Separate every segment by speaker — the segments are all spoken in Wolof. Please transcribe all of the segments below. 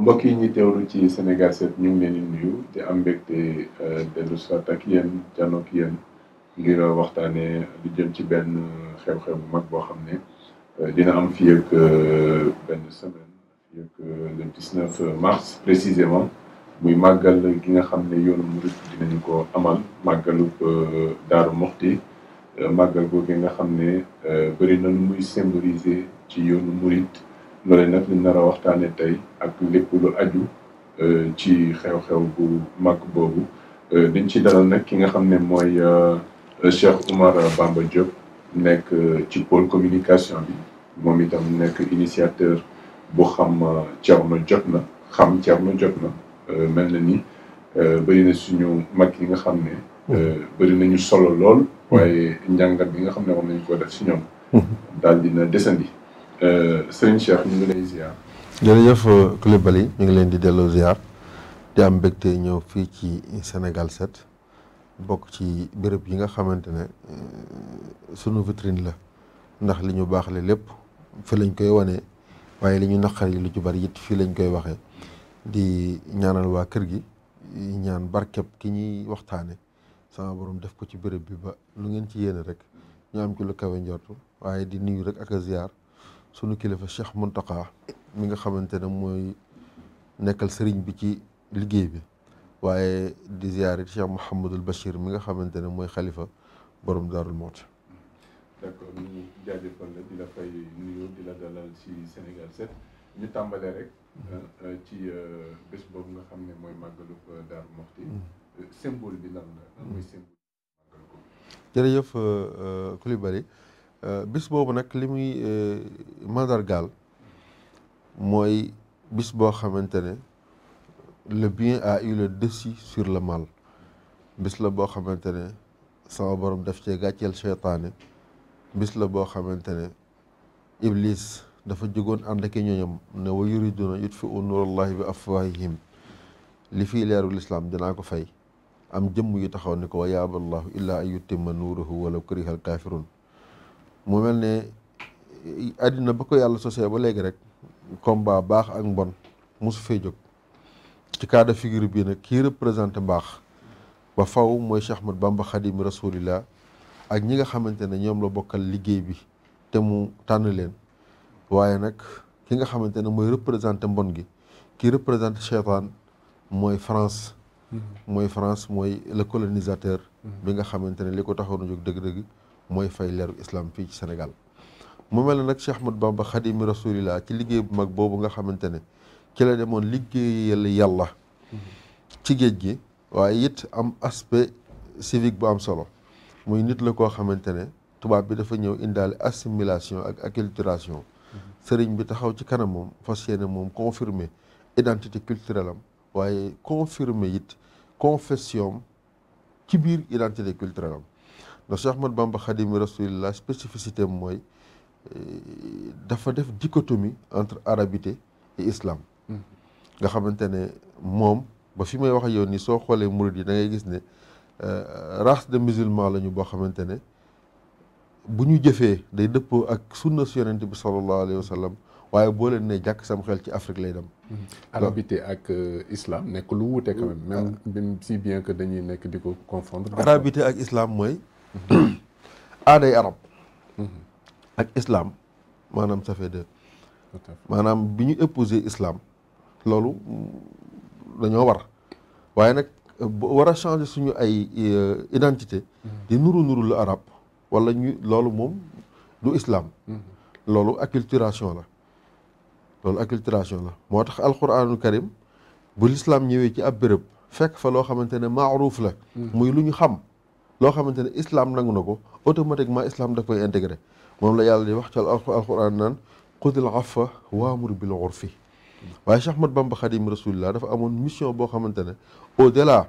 Speaker 1: mbokk yi ñuy teewlu ci Sénégal 7 ñu ngi leen di nuyu te am mbégte euh, dellu soit ak yéen janook yéen ngir waxtaanee lu jëm ci benn xew-xew bu mag boo xam ne euh, dina am fii ak euh, benn semaine fii précisément muy màggal ki nga xam ne yoonu murit dinañu ko amal màggalub Daaru Moxti màggal googu nga xam ne bëri na muy symboliser ci yoonu murit loolee nag liñ nar a waxtaanee tey ak lépp lu aju euh, ci xew-xew bu mag boobu euh, dañ ci dalal nag ki nga xam ne mooy euh, Cheikh Oumar Bamba Diop nekk ci pôle communication bi moom itam nekk initiateur bu xam Thierno jot na xam Thierno jot na mel na ni bëri na suñu mag yi nga xam ne hmm. bëri nañu solo lool hmm. waaye njàngat bi nga xam ne war nañu ko def si ñoom hmm. daal dina desandi Euh, sëñ Cheikh ñu ngi lay ziar.
Speaker 2: jërëjëf euh, ñu ngi leen di delloo ziar di am mbégte ñëw fii ci senegal set bokk ci béréb yi nga xamante ne euh, sunu vitrine la ndax li ñu baaxle lépp fi lañ koy wane waaye li ñu naqar lu ci bari fii lañ koy waxee di ñaanal waa kër gi ñaan barkeb ki ñuy waxtaane sama borom def ko ci béréb bi ba lu ngeen ci yéene rek ñu am ci lu kawe njortu waaye di nuyu rek ak a ziar. sunu kilifa Cheikh Mountakha mi nga xamante ne mooy nekkal sëriñ bi ci liggéey bi waaye di ziare Cheikh Mouhamadul Bachir mi nga xamante ne mooy xalifa boroom Daarul Mouti.
Speaker 1: d'accord ñu jaajëfal la di la fay ci Sénégal 7 ñu tàmbalee rek. Euh, ci euh, bés boobu nga xam ne mooy màggalu Daaru Muxti mm. euh, bi lan la. lan mooy
Speaker 2: symbole Euh, bis boobu nag li muy euh, mandargaal mooy bis boo xamante ne le bien a eu le dessus sur le mal bis la boo xamante ne sama borom def cee gàcceel seytaane bis la boo xamante ne iblis dafa jógoon ànd ak ñoñam ne wa yuriduna u nuurallahi bi afwahihim li fii leeru lislaam dinaa ko fay am jëmm yu taxaw ni ko wa yaaballahu illaa an yutimma nuurahu walaw karihal kaafiruun moo mel ne àddina ba ko yàlla sosee ba léegi rek combat baax ak mbon mosu fee jóg ci cas de figure bii nag kii représenté mbaax ba faw mooy Cheikh Ahmad Bamba Xadim Rasulillah ak ñi nga xamante ne ñoom la bokkal liggéey bi te mu tànn leen waaye nag ki nga xamante ne mooy représenté mbon gi kii représenté cheytaan mooy France mm-hmm. mooy France mooy le colonisateur mm-hmm. bi nga xamante ne li ko taxoon a jóg dëgg-dëgg mooy fay leeru islam fii ci Sénégal mu mel ne nag Cheikh Ahmad Bamba xadimi rasulillah ci liggéey bu mag boobu nga xamante ne ci la demoon liggéeyal yàlla ci géej gi waaye it am aspect civique bu am solo muy nit la koo xamante ne tubaab bi dafa ñëw indaale assimilation ak acculturation sëriñ bi taxaw ci kanam moom fas yéene moom confirmer identité culturelle am waaye confirmer it confession ci biir identité culturelle ndax Cheikh Ahmad Bamba Xaadimu Rasulillah spécificité mooy euh, dafa def dichotomie entre arabité et islam hmm. nga xamante ne moom ba fi may wax yoon yow nii soo xoolee murid yi da ngay gis ne euh, race de musulman lañu boo xamante ne bu ñu jëfee day dëppoo ak sunna su yonent bi sallallahu alayhi wa waaye boo leen ne jàkk sam xel ci Afrique lay dem. Hmm. arabité ak euh, islam nekk lu wuute bien que dañuy nekk di ko
Speaker 1: confondre. arabité
Speaker 2: ak islaam mooy. aaday arab mm-hmm. ak islaam maanaam ça fait maanaam bi ñu épouser islaam loolu dañoo war waaye nag war a changer suñu ay euh, identité mm-hmm. di nuru nuru lu arab wala ñu loolu moom du islam mm-hmm. loolu culturation la loolu ak culturation la moo tax alquranul karim bu l'islam ñëwee ci ab béréb fekk fa loo xamante ne maaruuf la muy lu ñu xam loo xamante ne islam nangu na ko ma islam daf koy intégré moom la yàlla di wax ci alquran naan xudil afa waamur bil urfi waaye Cheikh dafa amoon mission boo xamante ne au delà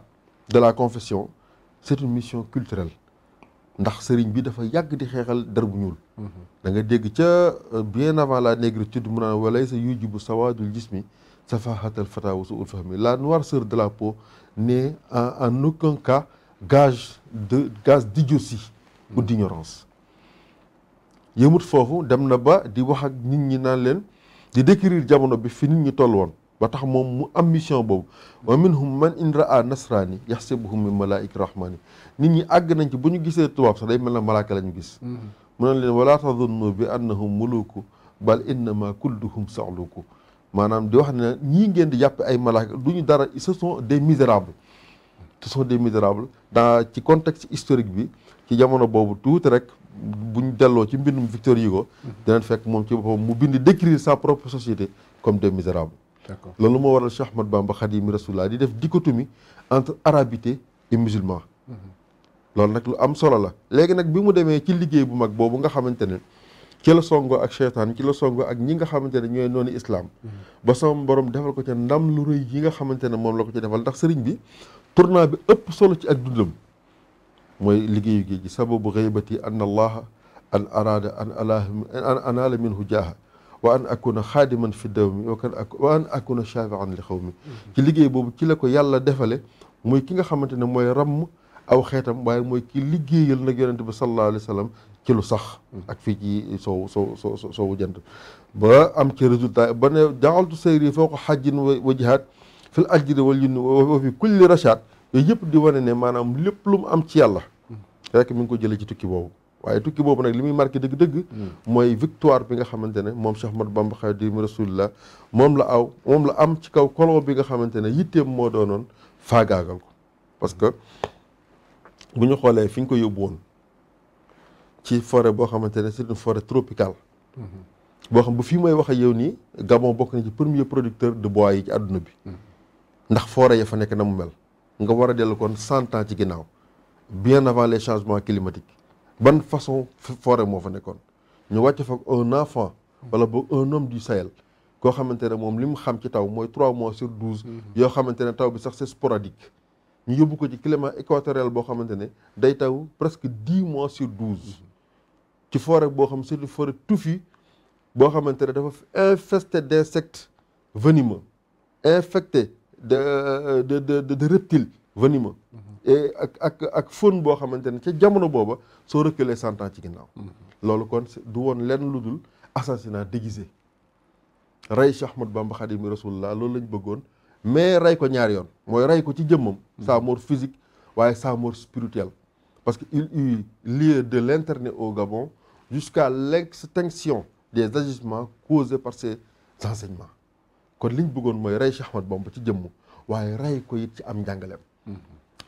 Speaker 2: de la confession c'est une mission culturelle ndax sëriñ bi dafa yàgg di xeexal der bu ñuul da nga dégg ca euh, bien avant la négritude mu a walay sa yujibu sawadul jismi safahatal fata wa suul fahmi la noirceur de la peau n'est en aucun cas gage de gage d'idiotie ou d'ignorance yëmut foofu dem na ba di wax ak nit ñi naan leen di décrire jamono bi fi nit ñi toll woon ba tax moom mu am mission boobu wa minhum man in raa nasraani yaxsibuhum min malaa'ika rahmaani nit ñi àgg nañ ci bu ñu gisee tubaab sax day mel na malaaka la ñu gis mm-hmm. mu ne leen walaa tadunnu bi annahum muluku bal innama kulluhum saxluku maanaam di wax ne ñii ngeen di yàpp ay malaaka du ñu dara ce sont des misérables ce sont des misérables dans ci contexte historique bi ci jamono boobu tuuti rek buñ delloo ci mbindum Victor Hugo dinañ fekk moom ci boppam mu bind décrire sa propre société comme des misérables loolu moo waral Cheikh Ahmad Bamba Khadimi Rasulullah di def dichotomie entre arabité et musulman loolu nag lu am solo la léegi nag bi mu demee ci liggéey bu mag boobu nga xamante ne ci la songo ak cheytaan ci la songo ak ñi nga xamante ne ñooy noonu islaam mm-hmm. ba sama borom defal ko ca ndam lu rëy yi nga xamante ne moom la ko ci defal ndax sëriñ bi tournant bi ëpp solo ci ak dundam mooy liggéeyu géej gi sababu xaybati an allaha an araada an an anaala minhu jaaha wa an akuna xaadiman fi dawmi wa an akuna shafian li xaw mi ci liggéey boobu ci la ko yàlla defale mooy ki nga xamante ne mooy ramm aw xeetam waaye mooy ki liggéeyal nag yonente bi sallallahu alayhi wa sallam ci lu sax ak fii ci sow sow sow sowu jant ba am ci résultat ba ne jaxaltu sayri foo ko xajjin wa jihaad fil ajri wal yunni wa fi kulli rachat yooyu yëpp di wane ne maanaam lépp lu mu am ci yàlla rek mi ngi ko jëlee ci tukki boobu waaye tukki boobu nag li muy mark dëgg-dëgg mooy victoire bi nga xamante ne moom Cheikh Ahmadou Bamba Xaadimu Rasulillah moom la aw moom la am ci kaw kolon bi nga xamante ne yitteem moo doonoon faagaagal ko parce que bu ñu xoolee fi ñu ko yóbbu woon ci forêt boo xamante ne c'est une forêt tropicale mhm. boo xam bu fii mooy wax yow nii Gabon bokk na ci premier producteur de bois yi ci àdduna bi mhm. ndax forêt ya fa nekk na mu mel nga war a dellu koon cent ans ci ginnaaw bien avant les changements climatiques ban façon forêt moo fa nekkoon ñu wàcc fa un enfant wala boog un homme du Sahel koo xamante ne moom li mu xam ci taw mooy trois mois sur douze mm-hmm. yoo xamante ne taw bi sax c'est sporadique ñu yóbbu ko ci climat équatorial boo xamante ne day taw presque dix mois sur douze mm-hmm. ci forêt boo xam c'est une forêt touffue boo xamante ne dafa infesté d'insectes venimeux infecté de de de de reptile venimeux. Mm-hmm. ak ak ak boo xamante ne ca jamono booba soo reculer cent ans ci ginnaaw. Mm-hmm. loolu kon du woon lenn lu dul assassinat déguisé. rey Cheikh Ahmadou Bamba Khadimou Rasulullah loolu lañ bëggoon mais rey ko ñaar yoon mooy rey ko ci jëmmam. Mm-hmm. sa mort physique waaye sa mort spirituelle. parce que il eut lieu de l'interner au Gabon jusqu'à l'extinction des agissements causés par ses enseignements. kon liñ bëggoon mooy rey Cheikh Ahmad ci jëmm waaye rey ko ci am njàngaleem mhm.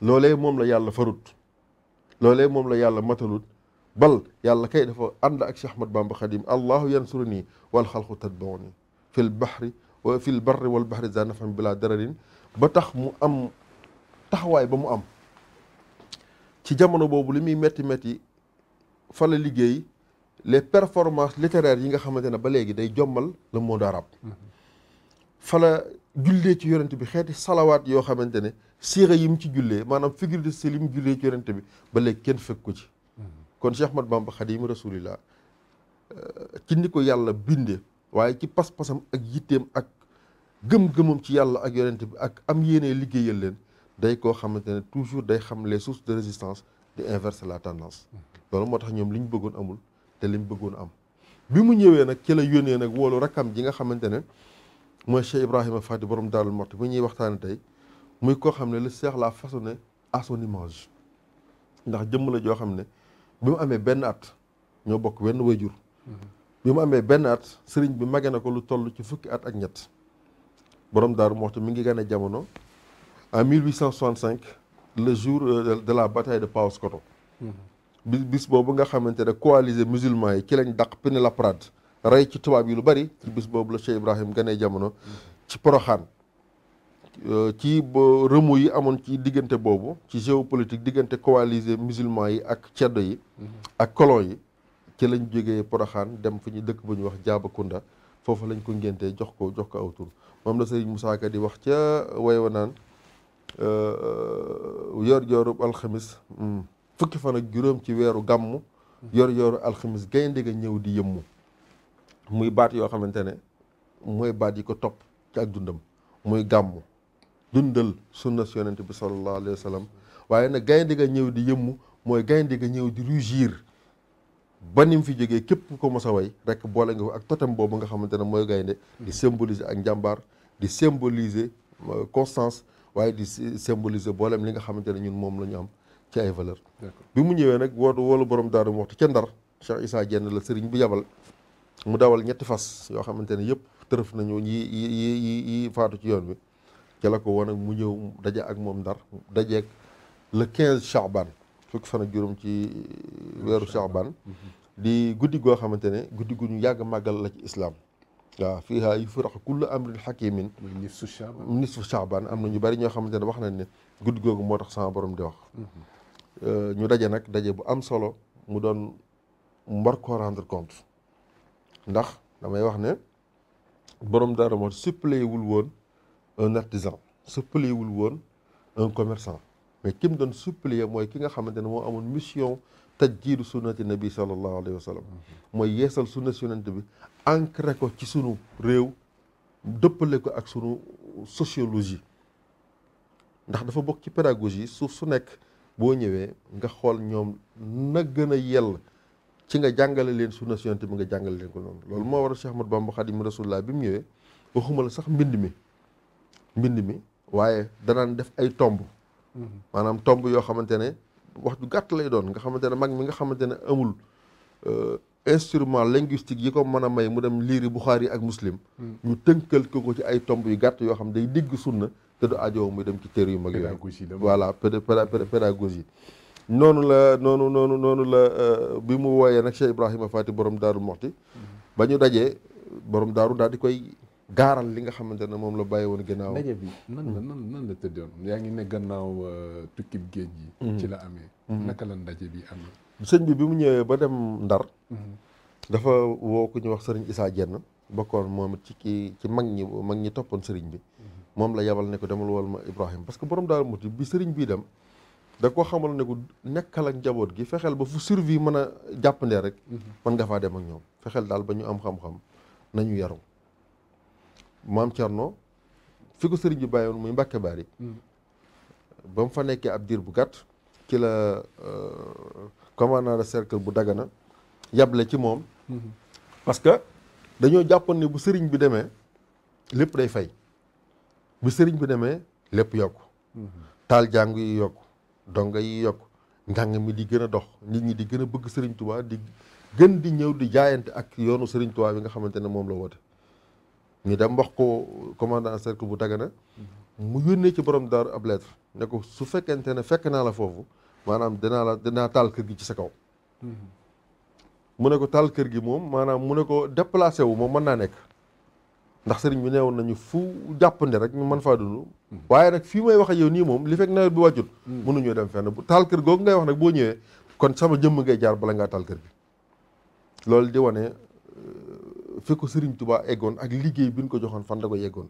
Speaker 2: loolee moom la yàlla farut loolee moom la yàlla matalut bal yàlla kay dafa ànd ak Cheikh Ahmad Bamba xadim allahu yansuruni wal xalqu tatbauni fil baxri wa fil barri wal baxri za nafam bila ba tax mu am taxawaay ba mu am ci jamono boobu li muy metti métti fa la liggéey les performances littéraires yi nga xamante ne ba léegi day jommal le monde arabe mhm. fala jullee ci yonent bi xeeti salawaat yoo xamante ne siira yi mu ci jullee maanaam figure de style mu jullee ci yonent bi ba léegi kenn fekk ko ci kon Cheikh Ahmad Bamba Xaadimu Rasulillah euh, ci ni ko yàlla binde waaye ci pas-pasam ak yitteem ak gëm-gëmam ci yàlla ak yonent bi ak am yéene liggéeyal leen day koo xamante ne toujours day xam les sources de résistance di inverser la tendance loolu moo tax ñoom li ñu bëggoon amul te li ñu bëggoon am bi mu ñëwee nag ci yónnee nag woolu rakkam ji nga xamante ne mooy Cheikh Ibrahima Fati borom Daarul Muxti bu ñuy waxtaane tey muy koo xam ne le Cheikh la façonné à image ndax jëmm la joo xam ne bi mu amee benn at ñoo bokk wenn jur mm-hmm. bi mu amee benn at sëriñ bi mage na ko lu toll ci fukki at ak ñett borom Daarul Muxti mi ngi gane jamono en 1865 le jour euh, de la bataille de Paoskoto mm-hmm. bis boobu nga xamante ne coalisé musulman yi ci lañ dàq Pinet-Laprade rey ci tubaab yi lu bari ci bis boobu la Cheikh Ibrahim ganee jamono ci poroxaan euh, ci rëmu yi amoon ci diggante boobu ci politique diggante coalisé musulman yi ak ceddo yi ak colon yi ci lañ jógee poroxaan dem fi ñu dëkk bu ñu wax Jaabakunda foofu lañ ko ngéntee jox ko jox ko aw tur moom la sëriñ Moussa Ka di wax ca way wa naan euh, yor yoorub alxamis hmm, fukki fan ak juróom ci weeru gàmm yor yooru alxamis gaynde ga ñëw di yëmmu muy baat yoo xamante ne mooy baat yi ko topp ci ak dundam muy gàmmu dundal sunna si yonent bi sallallahu alayhi wa sallam waaye nag gaynde ga ñëw di yëmmu mooy gaynde ga ñëw di rugir ba ni mu fi jógee képp ko mos a way rekk boole nga ko ak totem boobu nga xamante ne mooy gaynde di symboliser ak njàmbaar di symboliser euh, constance waaye di symboliser boolem li nga xamante ne ñun moom la ñu am ci ay valeur bi mu ñëwee nag wootu woolu borom daaru waxtu ca ndar Cheikh Issa Dieng la sëriñ bu yabal mu dawal ñetti fas yoo xamante ne yëpp tërëf nañu yi yi faatu ci yoon wi ca la ko woon ak mu ñëw daje ak moom ndar dajeeg le quinze Chaban fukki fan juróom ci weeru Chaban mm-hmm. di guddi goo xamante ne guddi gu ñu yàgg màggal la ci islaam waaw fiihaa yufraqu kullu amrin hakimin nisfu Chaban nisfu Chaban am na ñu bari ñoo xamante ne wax nañ ne guddi googu moo tax sama borom di wax mm-hmm. euh, ñu daje nag daje bu am solo mu doon mbar ko compte ndax damay wax ne borom dara moo suppléé woon un artisan suppléé woon un commerçant mais ki mu doon suppléé mooy ki nga xamante ne moo amoon mission tajjiidu sunnati nabi sallallahu alayhi wa sallam mooy yeesal sunna si yonent bi ancré ko ci sunu réew dëppale ko ak sunu sociologie ndax dafa bokk ci pédagogie suuf su nekk boo ñëwee nga xool ñoom na gën a yell ci nga jàngale leen sunna si yonent bi nga jàngale leen ko noonu loolu moo waral Cheikh Ahmadou Bamba Xaadimu Rasuulillah bi mu ñëwee waxuma la sax mbind mi mbind mi waaye danaan def ay tomb mm-hmm. maanaam tomb yoo xamante ne wax ju gàtt lay doon nga xamante ne mag mi nga xamante ne amul euh, instrument linguistique yi ko mën a may mu dem liiri Buxaari yi ak muslim mm-hmm. ñu tënkal ko ko ci ay tomb yu gàtt yoo xam day digg sunna te du ajoo muy dem ci téere yu mag yooyu voilà pédagogie noonu la noonu noonu noonu la euh, bi mu wooyee nag Cheikh Ibrahima Fati borom daaru moxti ba ñu dajee borom daaru daal di koy gaaral li nga xamante ne moom la bàyyi woon gannaaw daje bi nan
Speaker 1: la nan nan la tëddoon yaa ngi ne gannaaw euh, tukkib géej gi mm-hmm. ci la amee mm-hmm. naka la ndaje bi amee
Speaker 2: sëñ bi bi mu ñëwee ba dem Ndar mm-hmm. dafa woo ku ñu wax sëriñ Isaa Jenn bokkoon moom it ci ci mag ñi mag ñi toppoon sëriñ bi moom la yabal ne ko demal wol ma Ibrahima parce que borom daaru moxti bi sëriñ bii dem da ko xamal ne ko nekkal ak njaboot gi fexeel ba fu survie mën a jàppandee rek mhm. mën nga faa dem ak ñoom fexeel daal ba ñu am xam-xam nañu yaru maam Thierno fi ko sëriñ bi bàyyoon muy Mbàkke Baari mhm. ba mu fa nekkee ab diir bu gàtt ci la euh, commandant de cercle bu Dagana yable ci moom mhm. parce que dañoo jàppoon ne bu sëriñ bi demee lépp day fay bu sëriñ bi demee lépp yokk taal jàng yi yokk donga yi yokk njàng mi di gën a dox nit ñi di gën a bëgg Serigne Touba di gën di ñëw di jaayante ak yoonu Serigne Touba bi nga xamante ne moom la woote. ñu dem wax ko commandant cercle bu Dagana mu yónnee ci borom daar ab lettre ne ko su fekkente ne fekk naa la foofu maanaam dinaa la dinaa taal kër gi ci sa kaw. Mhm. mu ne ko taal kër gi moom maanaam mu ne ko déplacé wu moom mën naa nekk. ndax sëriñ bi neewoon nañu fu jàppandi rek ñu mën faa dundu waaye nag fii may wax ak yow nii moom li fekk nawet bi wàccut mm. mënuñoo dem fenn bu taal kër googu ngay wax nag boo ñëwee kon sama jëmm ngay jaar bala ngaa taal kër bi loolu di wane euh, fi ko sëriñ Tuubaa eggoon ak liggéey bi ñu ko joxoon fan da ko yeggoon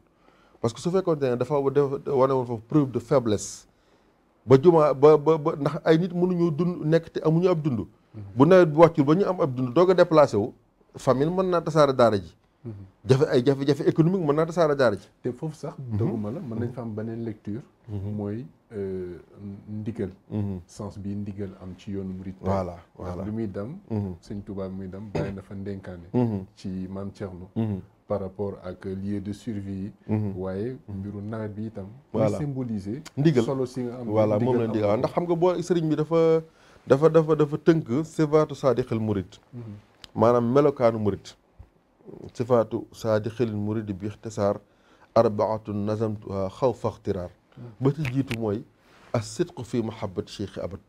Speaker 2: parce que su fekkoon ne dafa wane woon fa preuve de faiblesse ba jumaa ba ba ndax ay nit mënuñoo dund nekk te amuñu ab dund mm-hmm. bu nawet bi wàccul ba ñu am ab dund doog a wu famille mën naa tasaare daara ji jafe ay jafe-jafe économique mën naa tasaara jaar ci. te foofu sax. Mhm. dëgguma la mën nañ
Speaker 1: fa am beneen lecture. Mhm. mooy euh, ndigal. Mhm. sens bi ndigal am ci yoonu murit. voilà voilà muy dem. sëñ Touba muy dem bàyyi na fa ndénkaane. ci maam Thierno. par rapport ak lieu de waaye mbiru nawet bi itam. voilà symboliser. ndigal solo si nga am. voilà moom la ndigal ndax xam
Speaker 2: nga boo sëriñ bi dafa dafa dafa dafa tënk sifaatu saadiqal murit. maanaam melokaanu murit. sifaatu saadixil muridi bi ixtisaar arbaatun nazamtuha xaw fa ixtiraar hmm. ba ci jiitu mooy as sidqu fi mahabbat cheikh abad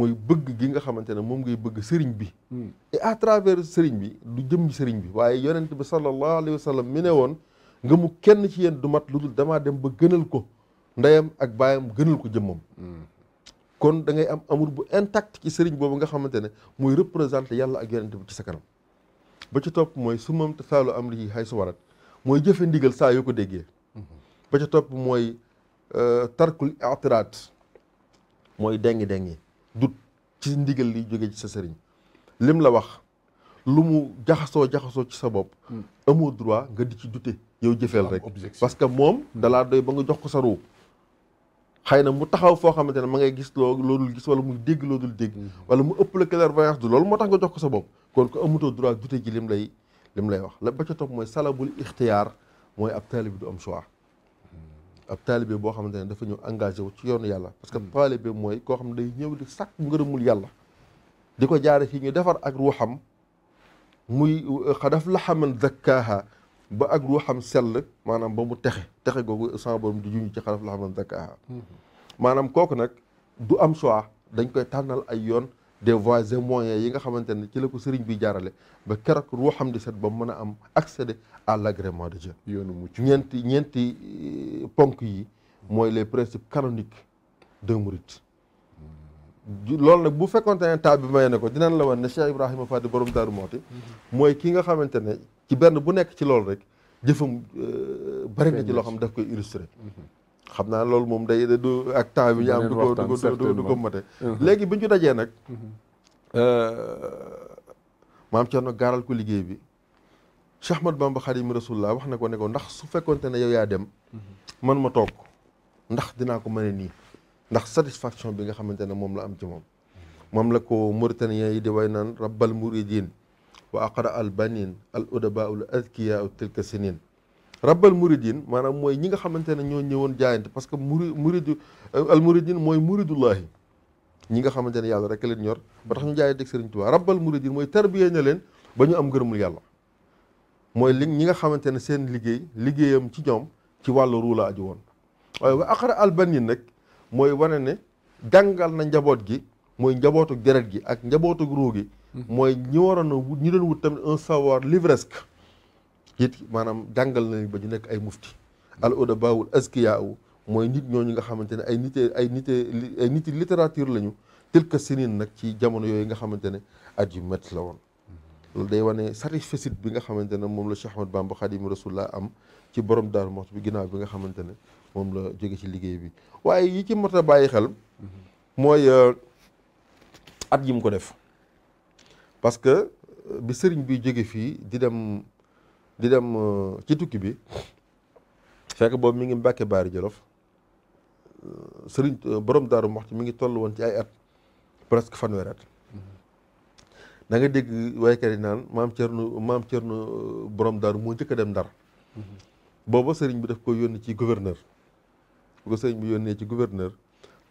Speaker 2: mooy bëgg gi nga xamante ne moom ngay bëgg sëriñ bi hmm. et à travers sëriñ bi du jëmmi sëriñ bi waaye yonent bi sallallahu alayhi wa sallam ne woon nga mu kenn ci yéen du mat lu dul damaa dem ba gënal ko ndeyam ak baayam gënal ko jëmmam hmm. kon da ngay am amour bu intact ci sëriñ boobu nga xamante ne mooy représenté yàlla ak yonent bi ci sa kanam ba ci topp mooy su mam saalu am li xay su warat mooy jëfe ndigal saa yoo ko déggee ba ca topp mooy euh, tarkul i'tiraad mooy dengi dengi dut ci ndigal li jóge ci sa sëriñ lim la wax lu mu jaxasoo jaxasoo ci sa bopp hmm. amoo droit nga di ci dute yow jëfeel rek parce que moom dalaa doy ba nga jox ko sa ruu xëy na mu taxaw foo xamante ne ma ngay gis loo loolu gis wala muy dégg loodul dégg hmm. wala mu ëpp la clairvoyance du loolu moo tax nga jox ko sa bopp kon ko amutoo droit jute ji lim lay lim lay wax la ba ca topp mooy salabul ixtiyaar mooy ab taalibi du am choix ab taalibi boo xamante ne dafa ñëw engagé wu ci yoonu yàlla parce que hmm. taalibi mooy koo xam ne day ñëw di sàkk ngërëmul yàlla di ko jaare fii ñu defar ak ruuxam muy euh, xadaf la xaman zakkaaha ba ak ruuxam sell maanaam ba texe texe googu sama borom di juñu ci xadaf la xaman zakkaaha hmm. maanaam kooku nag du am choix dañ koy tànnal ay yoon des voies et moyens yi nga xamante ne ci la ko sëriñ bi jaarale ba keroog ruuxam di set ba mën a am accéder à l' agrément de Dieu. yoonu mucc ñeenti ñeenti euh, ponk yi mooy les principes canoniques de Mouride. loolu nag bu fekkonte ne taa bi maye na ko dinañ la wan ne Cheikh Ibrahima Fadi borom Daaru Mooti. mooy kii nga xamante ne ci benn bu nekk ci loolu rek jëfam euh, bari na ci loo xam daf koy illustré. Mm-hmm. xam naa loolu moom day du ak temps bi ñu am du ko du ko du ko mate léegi bi ñu dajee nag mhm. Mhm. Euh, maam Cerno gaaral ko liggéey bi Cheikh Ahmad Bamba Xaadimu Rasulullah wax na ko ne ndax su fekkonte ne yow yaa dem mhm. man ma toog ndax dinaa ko mën nii ndax satisfaction bi nga xamante ne moom la am ci moom moom la ko Mauritanien yi di way naan rabbal muridin wa aqra al banin al udaba al adkiya tilka sinin rabbal muridin maanaam mooy ñi nga xamante ne ñoo ñëwoon jaayante parce que muri muridu euh, al muridin mooy muridullahi ñi nga xamante ne yàlla rek leen ñor ba tax ñu jaayante ak Sëriñ Tuubaa rabbal muridin mooy tarbiye na leen ba ñu am ngërëmul yàlla mooy li ñi nga xamante ne seen liggéey liggéeyam ci ñoom ci wàllu ruu la aju woon waaye ba aqara albanin nag mooy wane ne jàngal na njaboot gi mooy njabootuk deret gi ak njabootuk ruu gi hmm. mooy ñi waroon a ñi doon wut tamit un savoir livresque it maanaam jàngal nañu ba ñu nekk ay mufti al udabaawul askiyaaw mooy nit ñooñu nga xamante ne ay nite ay nite ay niti littérature lañu tilka sinin nag ci jamono yooyu nga xamante ne at yu métti la woon loolu day wane satisfecit bi nga xamante ne moom la Cheikh Ahmad Bamba Xaadimu Rasuul laa am ci borom daal Muxti bi ginnaaw bi nga xamante ne moom la jóge ci liggéey bi waaye yi ci mot bàyyi xel mooy euh, at yi mu ko def parce que euh, bi sëriñ bi jóge fii di dem di dem euh, ci tukki bi fekk boobu mu ngi Mbàkke Baari Jolof euh, sëriñ euh, borom daaru Moxti mi ngi toll woon ci ay at presque fanweer at da nga dégg waykat yi naan maam Cerno maam nu borom daaru moo njëkk dem Ndar booba sëriñ bi daf ko yónni ci gouverneur bu ko sëriñ bi yónnee ci gouverneur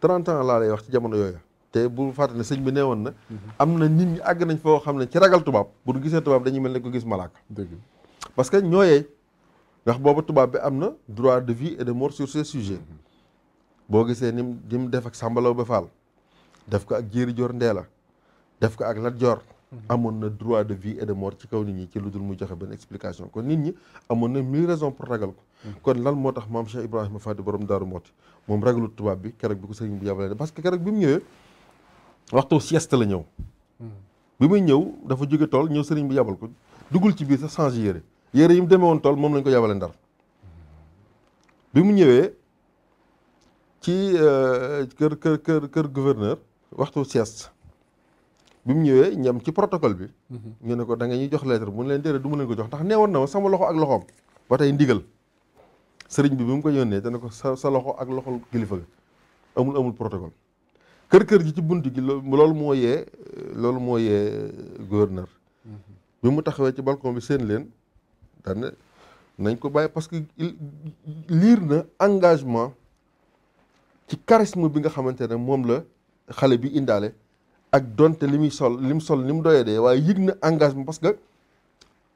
Speaker 2: 30 ans laa wax ci jamono yooyu te bu fàtte ne sëñ bi woon na mhm. am na nit ñi àgg nañ foo xam ne ci ragal tubaab bu du gisee tubaab dañu mel ne ko gis malaaka parce que ñoo yey ndax boobu tubaab bi am na droit de vie et de mort sur ce sujet boo gisee ni mu mu def ak sàmbalaw ba faal def ko ak jéeri joor la def ko ak lat joor amoon na droit de vie et de mort ci kaw nit ñi ci lu dul mu joxe benn explication kon nit ñi amoon na mille raisons pour ragal ko kon lan moo tax maam Cheikh Ibrahima Fadi borom Daaru Mooti moom ragalut tubaab bi keroog bi ko sëriñ bi yabalee parce que keroog bi mu ñëwee waxtu sieste la ñëw hmm. bi muy ñëw dafa jóge tool ñëw sëriñ bi yabal ko duggul ci biir sax change yére yére yi mu demee woon tool moom lañ ko yabale ndar bi mu ñëwee ci euh, kër kër kër kër gouverneur waxtu sieste bi mu ñëwee ñam ci protocole bi. Mhm. ñu ne ko da nga ñuy jox lettre mu ne leen déedéet du ma leen ko jox ndax woon na ma sama loxo ak loxoom ba tey ndigal sëriñ bi bi mu ko yónnee dana ko sa sa loxo ak loxol kilifa la amul amul protocole. kër kër ji ci bunt gi loolu moo yee loolu moo yee gouverneur. Mhm. bi mu taxawee ci balcon bi seen leen. daane nañ ko bàyyi parce que liir na engagement ci charisme bi nga xamante ne moom la xale bi indaale ak donte li muy sol li mu sol ni mu doyee dee waaye yëg na engagement parce que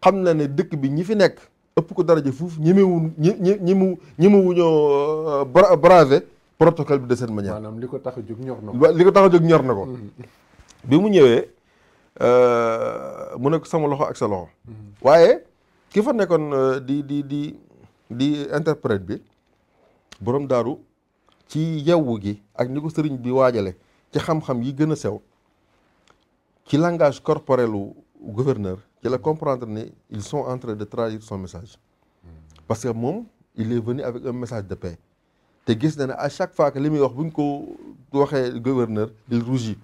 Speaker 2: xam na ne dëkk bi ñi fi nekk ëpp ko daraja foofu ñemewu ñemewu ñemewuñoo euh, braver protocole bi de cette manière. maanaam li ko tax a jóg ñor na ko. li ko tax a jóg ñor na ko. Mm-hmm. bi mu ñëwee euh, mu ne ko sama loxo ak sa loxo. Mm-hmm. waaye. ki fa nekkoon euh, di di di di interprète bi borom daaru ci yewwu gi ak ni ko sëriñ bi waajale ci xam-xam yi gën a sew ci langage corporel u gouverneur ci la comprendre ne ils sont en train de trahir son message parce que moom il est venu avec un message de paix te gis na ne à chaque fois que li muy wax bu ñu ko waxee gouverneur il rougit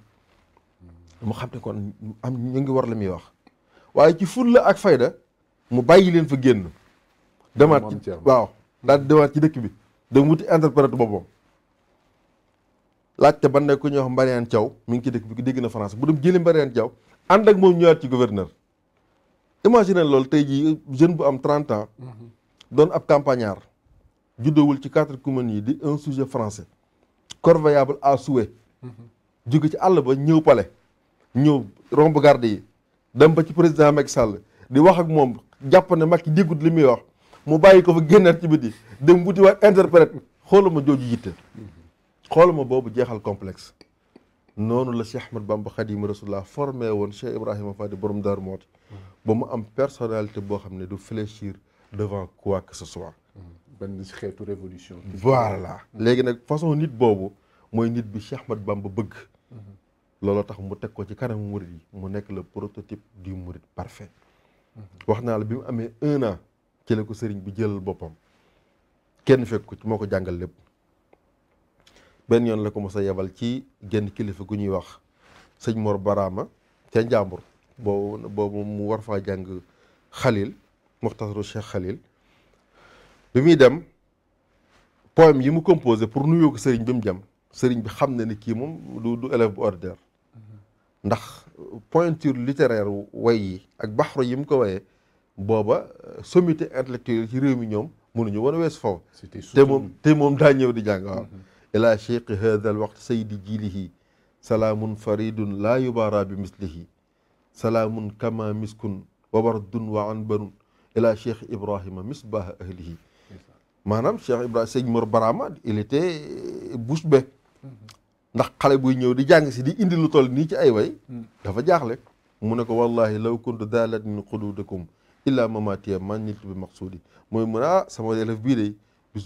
Speaker 2: mu xam ne kon am ñu ngi war la muy wax waaye ci fulla ak fayda mu bàyyi leen fa génn demaat ci waaw daal demaat ci dëkk bi da wuti interprète boppam laajte ban ne ku ñuy wax Mbariane Thiaw mi ngi ci dëkk bi dégg na France bu dem jëli Mbariane Thiaw ànd ak moom ñëwaat ci gouverneur imagine lool tey jii jeune bu am 30 ans mhm. doon ab campagnard juddowul ci quatre communes yi di un sujet français corvéable à souhait mhm. jóge ci àll ba ñëw pale ñëw romb garde yi dem ba ci président Macky Sall di wax ak moom jàpp ne Macky déggut li muy wax mu bàyyi ko fa génnaat ci biti dem wuti waat interprète xooluma jooju yitte xooluma boobu jeexal complexe noonu la Cheikh Ahmad Bamba Xaadimu Rasulullah formé woon Cheikh Ibrahima Fadi borom Daaru Muxti ba mu am personnalité boo xam ne du fléchir devant quoi que ce soit benn si xeetu révolution voilà léegi nag façon nit boobu mooy nit bi Cheikh Ahmad Bamba bëgg mhm. looloo tax mu teg ko ci kanamu murid yi mu nekk le prototype du murid parfait wax naa la bi mu amee un an ci la ko sëriñ bi jëlal boppam kenn fekk ko ci moo ko jàngal lépp benn yoon la ko mos a yebal ci genn kilifa gu ñuy wax sëñ Mor Baraama ca Njàmbur boobu boobu mu war faa jàng xaliil Muxtasaru Cheikh Xalil bi muy dem poème yi mu composé pour nuyoo ko sëriñ bi mu jëm sëriñ bi xam na ni kii moom du du élève bu ordinaire ndax pointure littéraire way yi ak baxru yi mu ko wayee booba euh, sommité intellectuelle ci réew mi ñoom mënuñu woon a wees foofu te moom te moom daa ñëw di jàng waaw mm-hmm. ila cheikh hadha al waqt saydi jilihi salaamun faridun laa yubara bi mislihi salaamun kama miskun wa wardun wa anbarun ila cheikh ibrahima misbaha ahlihi maanaam cheikh ibrahima sëñ Mor Barama il était euh, bouche bée mm-hmm. ndax xale buy ñëw di jàng si di indi lu toll nii ci ay way hmm. dafa jaaxle mu ne ko wallahi law kuntu dalat min xuduudakum illa mamatiya man nit bi maqsuudi mooy mun ah sama élève bii day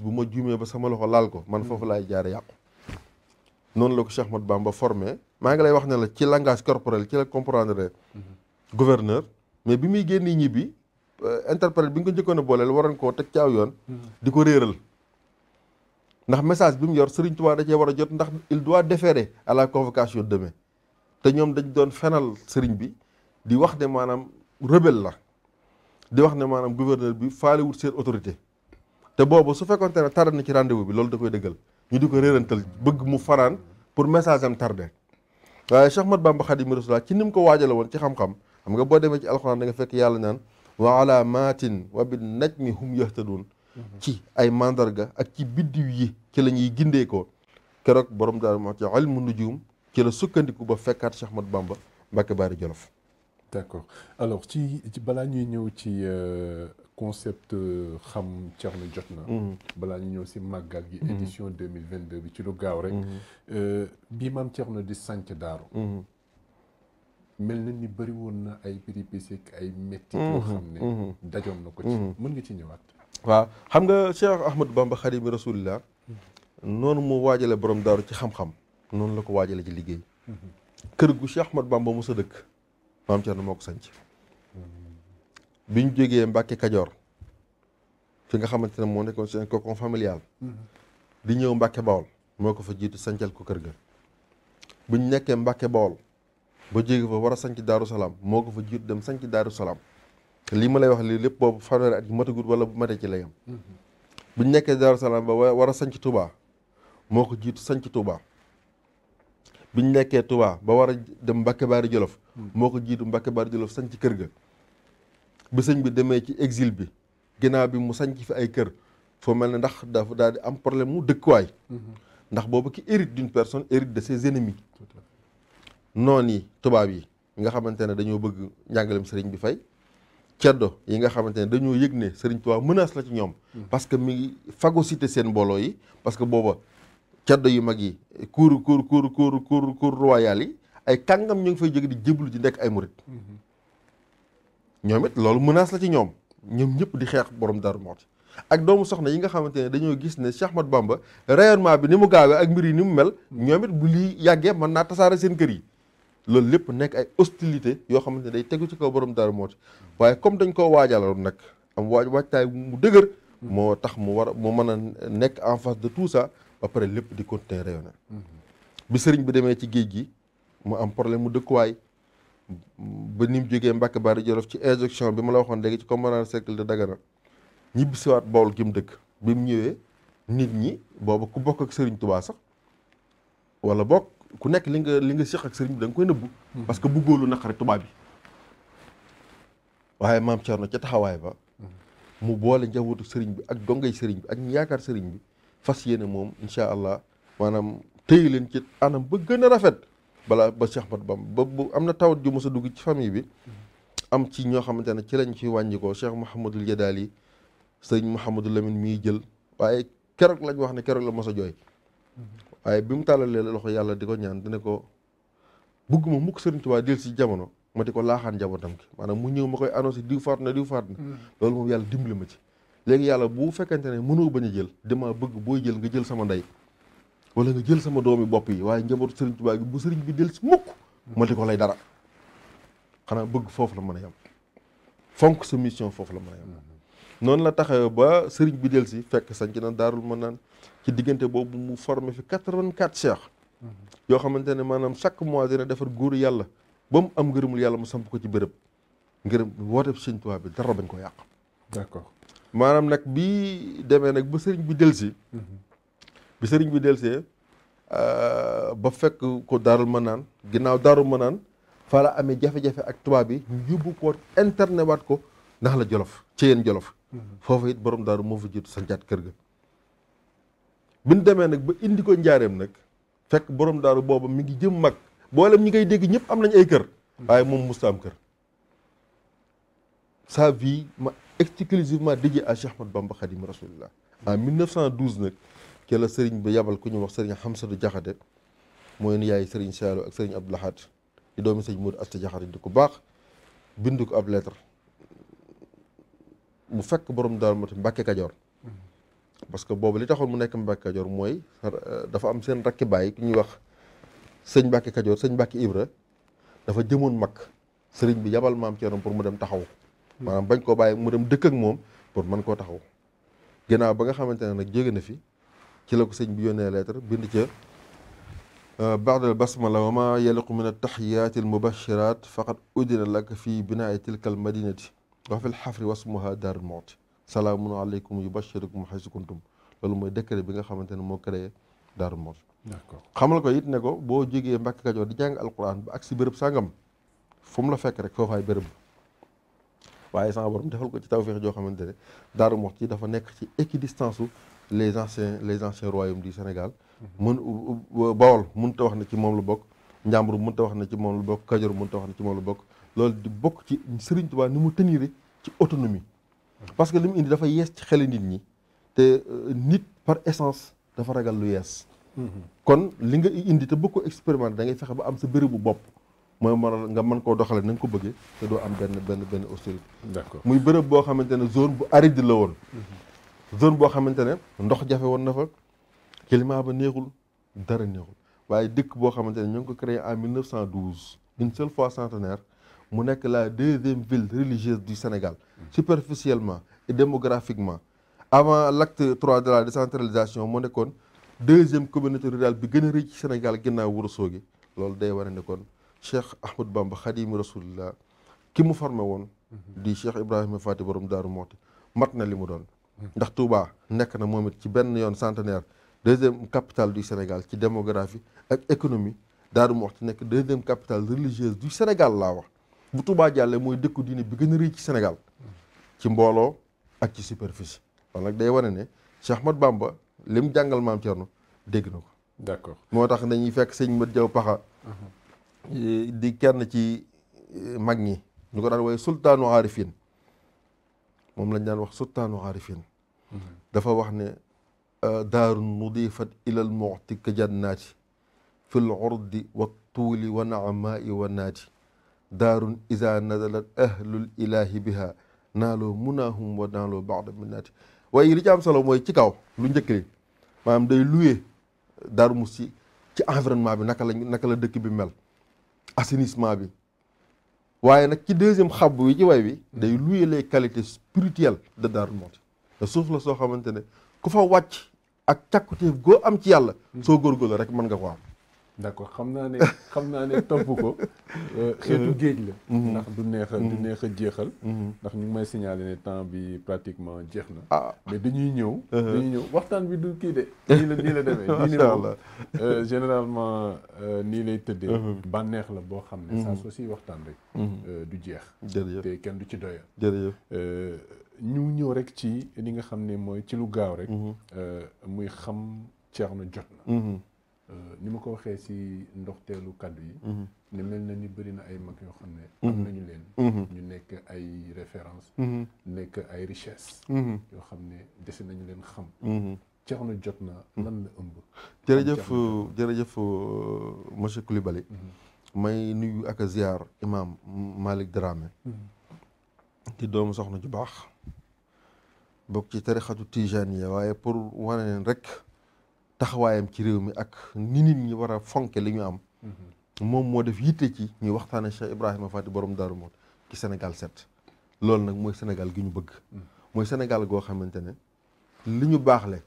Speaker 2: bu ma juumee ba sama loxo laal ko man hmm. foofu laay jaare yàqu noonu la ko Cheikh Ahmadou ba forme maa ngi lay wax ne la ci langage corporel ci la comprendre hmm. gouverneur mais bi muy génn ñibbi euh, interprète bi nga ko njëkkoon a booleel waroon koo teg ci aw yoon di ko réeral ndax message bi mu yor Serigne Touba da cee war a jot ndax il doit déférer à la convocation demain te ñoom dañ doon fenal Serigne bi di wax ne maanaam rebelle la di wax ne maanaam gouverneur bi faalewut seen autorité te boobu su fekkoonte ne tardé na ci rendez bi loolu da koy dëggal ñu di ko réerantal bëgg mu fanaan pour message am tardé waaye Cheikh Ahmadou Bamba Khadimu Rasulullah ci ni mu ko waajale woon ci xam-xam xam nga boo demee ci alxuraan da nga fekk yàlla naan wa alaamaatin wa bin najmi hum yahtadun ci ay mandarga ak ci biddiw yi ci la ñuy gindee keroog borom daal moo ci ilmu nujum ci la sukkandiku ba fekkaat Cheikh Ahmadou Bamba Mbacké Baari Jolof d'accord
Speaker 1: alors ci balaa ñuy ñëw ci euh, concept euh, xam Thierno jot na mhm. balaa ñu ñëw si màggal gi mhm. édition 2022 bi ci lu gaaw rek mhm. euh, bii maam Thierno di sanc daaru mel na ni bëri na ay péripéties ay métti yoo xam ne dajoon na ko ci mën nga ci ñëwaat
Speaker 2: waaw xam nga Cheikh Ahmadou Bamba Xaadimu Rasulillah noonu mu waajale borom daaru ci xam-xam noonu la ko waajale ci liggéey kër gu Cheikh Ahmadou Bamba mos a dëkk maam Thierno moo ko sanc bi ñu jógee Mbàkke Kajoor fi nga xamante ne moo nekkoon seen kon familial di ñëw Mbàkke Bawol moo ko fa jiitu sancal ko kër ga bu ñu nekkee Mbàkke Bawol ba jóge fa war a sanc Daaru Salaam moo ko fa jiitu dem sanc Daaru Salaam lii ma lay wax lii lépp boobu fanweeri at matagut wala bu mate ci lay mhm. buñ nekkee Daaru Salaam ba war a sanc Touba moo ko jiitu sanc Touba ñu nekkee Touba ba war a dem Mbacke Baari Jolof mhm. moo ko jiitu Mbacke Baari Jolof sanc kër ga bi sëñ bi demee ci exil bi ginnaaw bi mu sañc fi ay kër foo mel ne ndax dafa daal di am problème mu dëkkuwaay mhm. ndax boobu ki hérite d'une personne hérite de ses ennemis noon yi tubaab yi nga xamante ne dañoo bëgg njàngalem sëriñ bi fay ceddo yi nga xamante ne dañoo yëg ne Serigne Touba menace la ci ñoom. Mm. parce que mi ngi phagocyté seen mbooloo yi parce que booba ceddo yu mag yi cour kuur kuur kuur kuur cour royale yi ay kàngam ñu ngi fay jóge di jéblu ji nekk ay murit mm-hmm. ñoom it loolu menace la ci ñoom ñoom ñëpp di xeex borom Darou ci ak doomu soxna yi nga xamante ne dañoo gis ne Cheikh Ahmad Bamba rayonnement bi ni mu gaawee ak mbir yi ni mu mel. Mm. ñoomit bu lii yàggee mën naa tasaare seen kër yi. loolu lépp nekk ay hostilité yoo xamante ne day tegu ci kaw borom moo Muxti waaye comme dañ koo waajaloon nag am waaj waajtaay mu dëgër moo tax mu war a mu mën a nekk en face de tout ça ba pare lépp di continuer rayonné bi sëriñ bi demee ci géej gi mu am problème mu dëkkuwaay ba ni mu jógee Mbàkke Bari Jolof ci injection bi ma la waxoon léegi ci commandant cercle de Dagana ñibbisiwaat Bawol gi mu dëkk bi mu ñëwee nit ñi booba ku bokk ak sëriñ Tubaa sax wala ku nekk li nga li nga séq ak sëriñ bi da nga koy nëbbu parce que bëggoo lu naqari tubaab bi waaye maam Thierno ca taxawaay ba mu boole njabootu sëriñ bi ak dongay sëriñ bi ak ñu yaakaar sëriñ bi fas yéene moom incha allah maanaam téye leen ci anam ba gën a rafet balaa ba Cheikh mat Bamba ba am na tawat ju mos a dugg ci famille bi am ci ñoo xamante ne ci lañ fi wàññikoo Cheikh Mouhamadul Jadaali sëriñ Mouhamadou Lamine miy jël waaye keroog lañ wax ne keroog la mos a jooy waaye bi mu tàllalee loxo yàlla di ko ñaan dina ko bugguma mukk Sëriñ Tuubaa del si jamono ma di ko laaxaan njabootam ki maanaam mu ñëw ma koy annoncé diw faatu na diw faatu na hmm. loolu moom yàlla dimbali ma ci léegi yàlla bu fekkente ne mënoo bañ a jël dama bëgg booy jël nga jël sama ndey wala nga jël sama doomi bopp yi waaye njabootu Sëriñ Tuubaa bu sëriñ bi del si mukk ma di ko lay dara xanaa bëgg foofu la mën a yem fonk sa mission foofu la mën a yem hmm. noonu la taxawee fekk sañ ci na daarul ci diggante boobu mu formé fi quatre-vingt-quatre cheikh yoo xamante ne maanaam chaque mois dina defar góor yàlla ba mu am ngërëmul yàlla mu samp ko ci bërëb ngërëm woote sëñ Tuubaa bi dara bañ ko yàq d'accord maanaam nag bii demee nag ba sëriñ bi delsi bi sëriñ bi delsee euh, ba fekk ko daarul ma naan ginnaaw daarul ma naan fa amee jafe-jafe ak tubaab yi ñu yóbbu ko internet waat ko ndax la jolof ci yéen jolof mhm. foofu it borom daaru moo fa jiitu sancaat kër ga bi ñu demee nag ba indi ko njaareem nag fekk borom daaru booba mi ngi jëm mag boolem ñi ngay dégg ñëpp am nañ ay kër waaye moom musta am kër sa vie ma exclusivement dédiée à Cheikh Ahmad Bamba Khadim Rasulillah en 1912 nag ke la sëriñ ba yabal ku ñu wax sëriñ Hamsatu Jaxate mooy ni yaay sëriñ Saalo ak sëriñ Abdou laxaat di doomi sëriñ Moodu Asta Jaxate di ko baax bind ko ab lettre mu fekk borom daaru Mbàkke Kajoor parce que boobu li taxoon mu nekk Mbàkke Kajoor mooy dafa am seen rakki bàyyi ku ñuy wax sëñ Mbàkke Kajoor sëñ Mbàkke Ibra dafa jëmoon mag sëriñ bi yabal maam Thierno pour mu dem taxaw maanaam bañ koo bàyyi mu dem dëkk ak moom pour mën koo taxaw ginnaaw ba nga xamante ne nag jóge na fi ci la ko sëñ bi yónnee lettre bind ca euh, baadal basmala wa ma yaliqu min attaxiyaati almubashirat faqad udina laka fi binaai tilka almadinati wa fi lxafri wasmuha daarul mawti salaamu salaamun aleykum yubashirukum haysu kuntum loolu mooy décret bi nga xamante ne moo créé Darou Mouhty d'accord xamal ko it ne ko boo jógee Mbàkke Kajoor di jàng alquran ba ak si béréb sàngam fu mu la fekk rek foofaay béréb waaye sama borom defal ko ci tawféex joo xamante ne Darou Mouhty dafa nekk ci équidistance u les anciens les anciens royaumes du Sénégal mun Bawol wax na ci moom lu bokk mun te wax na ci moom la bokk Kajoor mënta wax ne ci moom la bokk loolu di bokk ci Sëriñ Tuubaa ni mu tenir ci autonomie parce que li mu indi dafa yees ci xeli nit ñi te euh, nit par essence dafa ragal lu yees kon li nga indi te bëgg ko expérimenter da ngay fexe ba am sa bu bopp mooy mën nga mën koo doxale na nga ko bëgge te doo am benn benn benn austérité d'accord muy béréb boo xamante ne zone bu aride la woon zone boo xamante ne ndox jafe woon na fa climat ba neexul dara neexul waaye dëkk boo xamante ne ñoo ngi ko créé en 1912 une seule fois centenaire mu nekk la deuxième ville religieuse du Sénégal superficiellement et démographiquement avant l'acte 3 de la décentralisation mu nekkoon deuxième communauté rurale bi gën a rëy ci Sénégal ginnaaw Ourossogui loolu day war a nekkoon Cheikh Ahmad Bamba Khadim Rasulillah ki mu formé woon di Cheikh Ibrahima Fati borom Daaru Mooti mat na li mu doon ndax Touba nekk na moom it ci benn yoon centenaire deuxième capital du Sénégal ci démographie ak économie Daaru Mooti nekk deuxième capitale religieuse du Sénégal laa bu tubaa jàllee mooy dëkku diine bi gën a rëy ci senegal ci mbooloo ak ci superficie loolu nag day wane ne Cheikh Ahmad Bamba lim jàngal maam Thierno dégg na ko. moo tax dañuy fekk sëñ Mat Jaw Paxa. di kenn ci eh, mag ñi. ñu ko daan wooye sultaanu aarifin moom lañ daan wax sultaanu aarifin dafa wax ne daarun nudifat ilal mu'ti ka jannaati fil urdi wa tuuli wa wa naati daaru ida nazalat ahlul ilahi biha naaloo munaahum wa naaloo baxda minnaati waaye li ci am solo mooy ci kaw lu njëkk li maanaam day loué daar Musti ci environnement bi naka la naka la dëkk bi mel assainissement bi waaye nag ci deuxième xab yi ci way bi day loué les qualités spirituelles de Daaru Musti te suuf la soo xamante ne ku fa wàcc ak càkkutéef goo am ci yàlla soo góorgóorlu rek mën nga ko am d' accord xam naa ne
Speaker 1: xam naa ne topp ko euh, xeetu euh, géej la. Mhm. ndax du neex a du mhm.
Speaker 2: neex a jeexal. Mhm. ndax ñu ngi
Speaker 1: may signaler ne temps bi pratiquement jeex na. ah mais dañuy ñëw. Euh. dañuy ñëw waxtaan bi du kii de. nii la nii la généralement nii lay tëddee. bànneex la boo xam ne. saa soo siy waxtaan rek. du jeex. jërëjëf te kenn du ci doyal. jërëjëf. ñu ñëw rek ci li nga xam ne mooy ci lu gaaw rek. muy xam Thierno jot na. Euh, ni ma ko waxee si ndoxteelu kàddu yi. Mhm. ne mel na ni bëri na ay mag yoo xam ne. Mhm. am nañu leen. Mhm. ñu nekk ay référence nekk ay richesse yoo xam ne dese nañu leen xam. na jot na lan la ëmb.
Speaker 2: jërëjëf jërëjëf euh, monsieur Coulibaly. may nuyu ak a imaam Malick Dramé. di doomu soxna ju baax. bokk ci tarixatu yi waaye pour wane leen rek. taxawaayam ci réew mi ak ni nit ñi war a fonke li ñu am mm-hmm. moom moo def yitte ci ñuy waxtaane Cheikh Ibrahima Fati borom Daaru Moot ci Sénégal set loolu nag mooy Sénégal gi ñu bëgg mm-hmm. mooy Sénégal goo xamante ne li ñu baaxle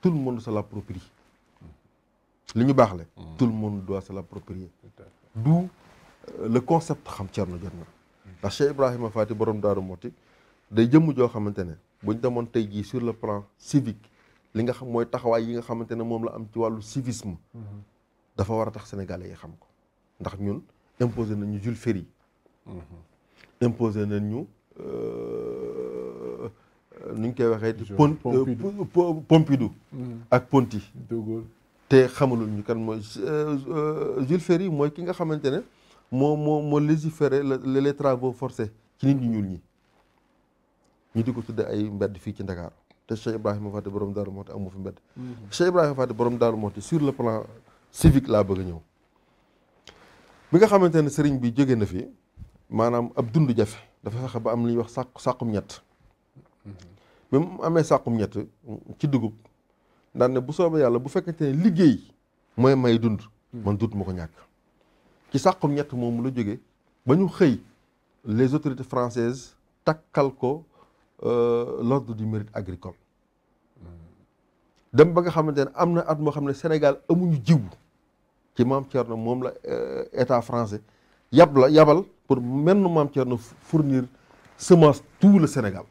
Speaker 2: tout le monde se l'approprie mm-hmm. li ñu baaxle tout le monde doit se l'approprier d'où euh, le concept xam Thierno jot na ndax Cheikh Ibrahima Fati borom Daaru Mooti day jëmm joo xamante ne buñ demoon tey jii sur le plan civique li nga xam mooy taxawaay yi nga xamante ne moom la am ci wàllu civisme dafa war a tax sénégalais yi xam ko ndax ñun imposé nañu Jules Ferry imposé nañu euh, nuñ koy waxee pon Pompidou euh, mm-hmm. ak Ponty te xamalul ñu kan mooy euh, Jules Ferry mooy ki nga xamante ne moo moo moo légiféré les travaux ci nit ñu ñuul ñi ñu di ko tudde ay mbedd fii ci ndakaar te Cheikh Ibrahima Fati borom Daaru Muxti amu fi mbedd mhm. Cheikh Ibrahima borom Daaru Muxti sur le plan civique laa bëgg a ñëw bi nga xamante ne sëriñ bi jóge na fi maanaam ab dund jafe dafa fexe ba am li ñuy wax sàq sàqum ñett mhm. bi mu amee sàqum ñett ci dugub ndax ne bu soobee yàlla bu fekkente ne liggéey mooy may dund mhm. man dut ma ko ñàkk ci sàqum ñett moomu la jóge ba ñu xëy les autorités françaises takkal ko Euh, l'ordre du mérite agricole dem ba nga xamante ne am na at moo xam ne Sénégal amuñu jiw ci maam Thierno moom la euh, état français yab la yabal pour menn maam Thierno fournir semence tout le Sénégal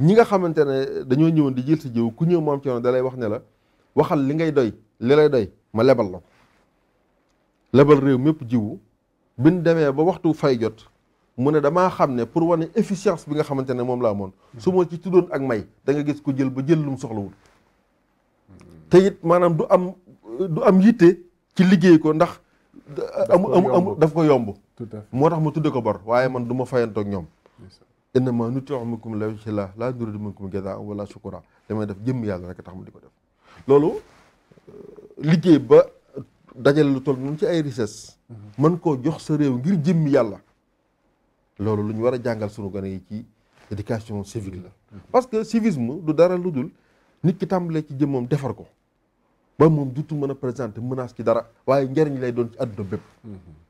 Speaker 2: ñi nga xamante ne dañoo ñëwoon di jël si jiw ku ñëw maam Thierno da lay wax ne la waxal li ngay doy li lay doy ma lebal la ko lebal réew mépp jiwu bi ñu demee ba waxtu fay jot mu ne damaa xam ne pour wane efficience bi nga xamante ne moom laa moon su ma ci tuddoon ak may danga gis ko jël ba jël lum soxlawul te it maanaam du am du am yitte ci liggéey ko ndax am am daf ko yomb moo tax ma tudde ko bor waaye man du ma fayantoog ñoom innama nutimukum li wajhi llah laa nuriidu minkum jazaa'an wala shukura damay def jëmm yàlla rek tax ma di ko def loolu euh, liggéey ba dajale lu toll noonu ci ay richesse mm-hmm. mën koo jox sa réew ngir jëmm yàlla loolu lu ñu war a jàngal sunu gone yi ci éducation civique la parce que civisme du dara lu dul nit ki tàmbalee ci jëmmam defar ko ba moom dutu mën a présenter menace ci dara waaye njariñ lay doon ci àdduna bépp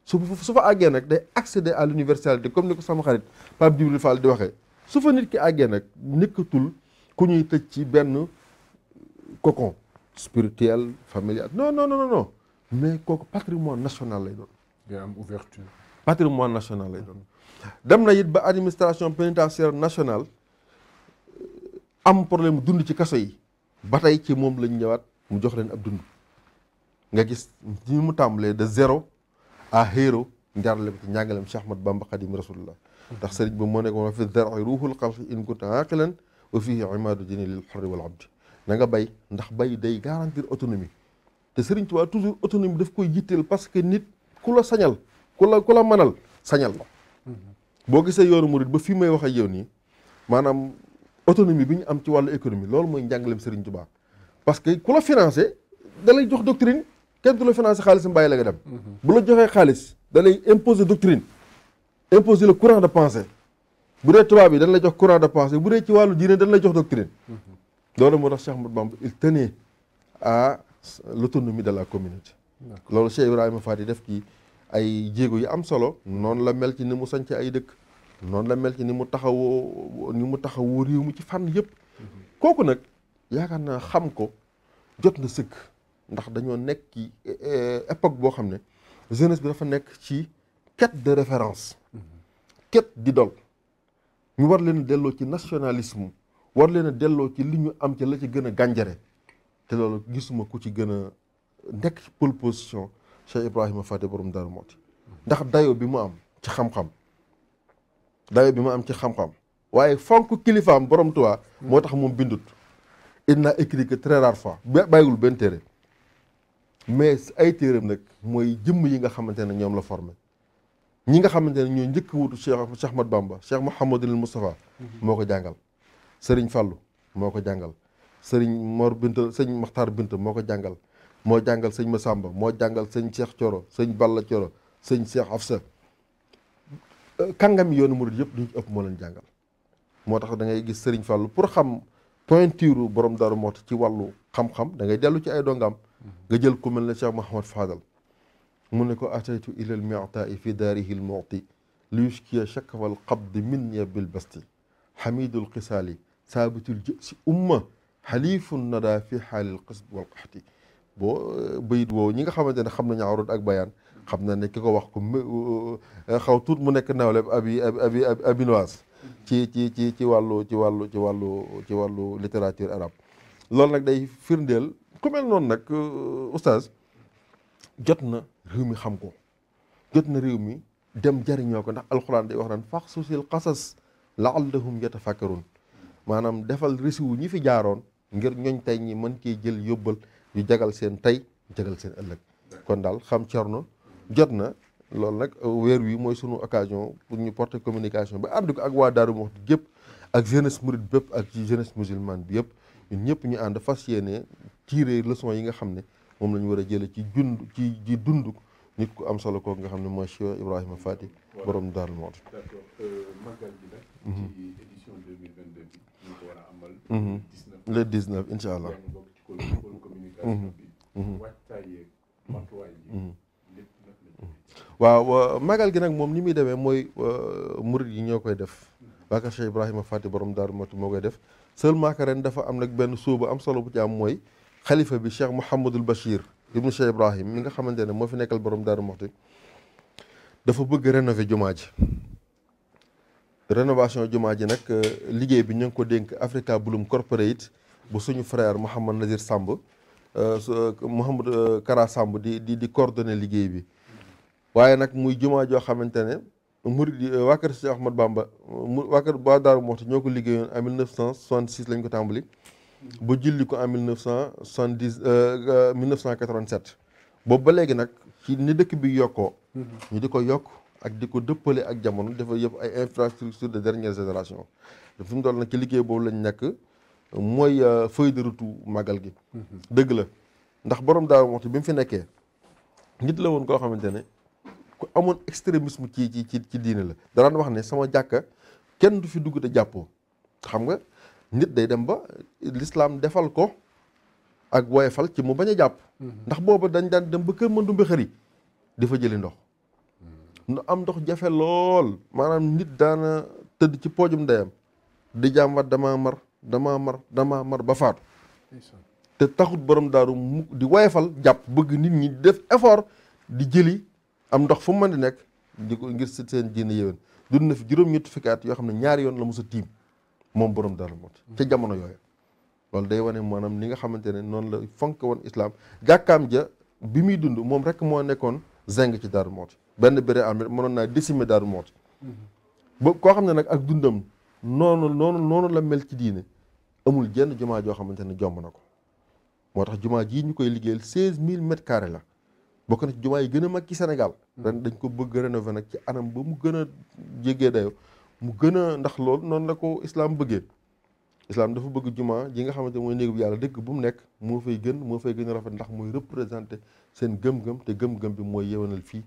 Speaker 2: su su fa àggee nag day accéder à l'universalité comme ni ko sama xarit Pape Djibril Fall di waxee su fa nit ki àggee nag nekkatul ku ñuy tëj ci benn cocon spirituel familial non non non mais kooku patrimoine national lay doon. day am ouverture. patrimoine national lay doon. dem na it ba administration pénitentiaire national euh, am problème dund ci kaso yi ba tey ci moom lañ ñëwaat mu jox leen ab dund nga gis ñi mu tàmbalee de zéro à héros njaarale ko ci njàngaleem Cheikh Ahmad Bamba Xadim Rasulullah ndax seriñ bi moo nekk wa fi zar'i ruuxul xalqi in kunta aqilan wa fihi imaadu dini lil xorri wal abdi na nga bay ndax bay day garantir autonomie te sëriñ Tuubaa toujours autonomie daf koy yitteel parce que nit ku la sañal ku la la mënal sañal la boo gisee yoonu murit ba fii may wax ak yow nii maanaam autonomie bi ñu am ci wàllu économie loolu mooy njàngaleem Serigne Touba parce que ku la financé da jox doctrine kenn du la financé xaalis mbay bàyyi la nga dem. Mhm. bu la joxee xaalis da lay imposer doctrine imposer la courant de pensée bu dee tubaab yi dañ lay jox courant de pensée bu dee ci wàllu diine dañ lay jox doctrine. Mhm. loolu moo tax Cheikh Ahmadou Bamba il tenait à l'autonomie de la communauté. loolu Cheikh Ibrahima Fati def ci. ay jéego yu am solo noonu la mel ci ni mu sañc ay dëkk noonu la mel ci ni mu taxawoo ni mu taxawoo réew mi ci fànn yëpp kooku nag yaakaar naa xam ko jot na sëkk ndax dañoo nekk ci eh, eh, époque boo xam ne jeunesse bi dafa nekk ci quête de référence di d'idole ñu war leen delloo ci nationalisme war leen a delloo ci li ñu am ci la ci gën a gànjare te loolu gisuma ku ci gën a nekk ci pole position Cheikh Ibrahima Fati borom Darou Mouhty ndax dayo bi mu am ci xam-xam dayo bi mu am ci xam-xam waaye fonk kilifaam borom Tuubaa moo tax moom bindut il n'a écrit que très rare fois bàyyiwul benn téere mais ay téeram nag mooy jëmm yi nga xamante ne ñoom la formé ñi nga xamante ne ñoo njëkk wutu Cheikh Cheikh Ahmad Bamba Cheikh Mouhamadul Moustapha moo ko jàngal Serigne Fallou moo ko jàngal sëriñ Mor Binta Serigne Makhtar Binta moo ko jàngal moo jàngal sëñ Masamba moo jàngal sëñ Cheikh Coro sëñ Balla Coro sëñ Cheikh Afsa euh, kàngam yoonu murid yëpp duñ ëpp moo leen jàngal moo tax da ngay gis Serigne Fallou pour xam pointure borom Darou Mouhty ci wàllu xam-xam da ngay dellu ci ay dongam nga jël ku mel ne Cheikh Mouhamad Fadal mu ne ko ataytu ilal mi'ta'i fi daarihi l mu'ti li yushkiya shakwal qabdi minni bil basti xamidul xisaali saabitul jësi umma xaliifun nada fi xaalil qasd wal qaxti boo euh, bayit woowu ñi nga xamante ne xam nañu awrut ak bayaan xam na ne ki ko wax ko euh, euh, xaw tuut mu nekk nawle abi abi abinoise ci ci ci ci wàllu ci wàllu ci wàllu ci wàllu littérature arab loolu nag day firndeel ku mel noonu nag oustaz jot na réew mi xam ko jot na réew mi dem jariñoo ko ndax alxuraan day wax naan fax susil xasas laallahum yatafakkarun maanaam defal rési wu ñi fi jaaroon ngir ñooñ tey ñi mën cee jël yóbbal yu jagal seen tey jagal seen ëllëg kon daal xam Cerno jot na loolu nag euh, weer wi mooy sunu occasion pour ñu porte communication ba ànd ak waa Daaru Muxti gépp ak jeunesse mouride bépp ak ci jeunesse musulmane bi yëpp ñëpp ñu ànd fas yéene tirer leçon yi nga xam ne moom la ñu war a jële ci jund ci ci dund nit ku am solo kook nga xam ne mooy Cheikh Ibrahima Fati borom Daaru Muxti.
Speaker 1: d'accord euh, màggal gi nag. Mhm. ci édition 2022 mhm. le 19 incha allah. organisation bi waajtaay yeeg
Speaker 2: magal gi nag moom ni muy demee mooy murid yi ñoo koy def waa kër Cheikh Ibrahima Fati borom Daaru Mati moo koy def seulement que ren dafa am nag benn suubu am solo bu ci am mooy xalifa bi Cheikh Mouhamadul Bachir ibnu Cheikh Ibrahim mi nga xamante ne moo fi nekkal borom Daaru Mati dafa bëgg rénover jumaa ji rénovation jumaa ji nag liggéey bi ñu ngi ko dénk Africa Bloom Corporate bu suñu frère Mouhamad Nazir Samb Euh, euh, Mouhamadou euh, Kara Samb di di di coordonné liggéey bi waaye nag muy jumaa joo xamante ne murid waa kër Cheikh Ahmad Bamba waa kër ba Daaru Muxti ñoo ko liggéeyoon en 1966 lañ ko tàmbali ba julli ko en 1970 1987 boobu ba léegi nag ci ni dëkk bi yokkoo ñu di ko yokk ak di ko dëppale ak jamono dafa yëpp ay infrastructure de dernière génération fi mu toll nag ci liggéey boobu lañ nekk mooy euh, feuille de route màggal gi. dëgg la ndax borom daa waxtu bi mu fi nekkee nit la woon koo xamante ne ku amoon extrémisme ci ci ci diine la. daraan wax ne sama jàkka kenn du fi dugg te jàppoo xam nga nit day dem ba lislaam defal ko ak woyefal ci mu bañ a jàpp. ndax booba dañ daan dem ba kër mën dumbi xëri di fa jëli ndox. nu am ndox jafe lool maanaam nit daana tëdd ci poojum ndeyam di jaam wat dama mar. damaa mar damaa mar ba faatu te taxut borom daaru di woyefal jàpp bëgg nit ñi def effort di jëli am ndox fu mu mën di nekk di ko ngir seen diine yéwén dund na fi juróom-ñetti yoo xam ne ñaari yoon la mos a tiim moom borom daaru mooti hmm. ca jamono yooyu loolu day wane maanaam li nga xamante ne noonu la fonk woon islaam jàkkaam ja bi muy dund moom rek moo nekkoon zeng ci daaru mooti benn béré am mënoon naa décimer daaru mooti hmm. ba koo xam ne nag ak dundam noonu noonu noonu la mel ci diine amul jenn jumaa joo xamante ne jomb na ko moo tax jumaa jii ñu koy liggéeyal seize mille mètres la bokk na ci jumaa yi gën a mag ci Sénégal hmm. ren dañ ko bëgg rénover nag ci anam ba mu gën a jégee dayo mu gën a ndax lool noonu na ko islaam bëggee islaam dafa bëgg jumaa ji nga xamante mooy néegu bi yàlla dëkk bu mu nekk moo fay gën moo fay gën a rafet ndax mooy représenté seen gëm-gëm te gëm-gëm bi mooy yewenal fii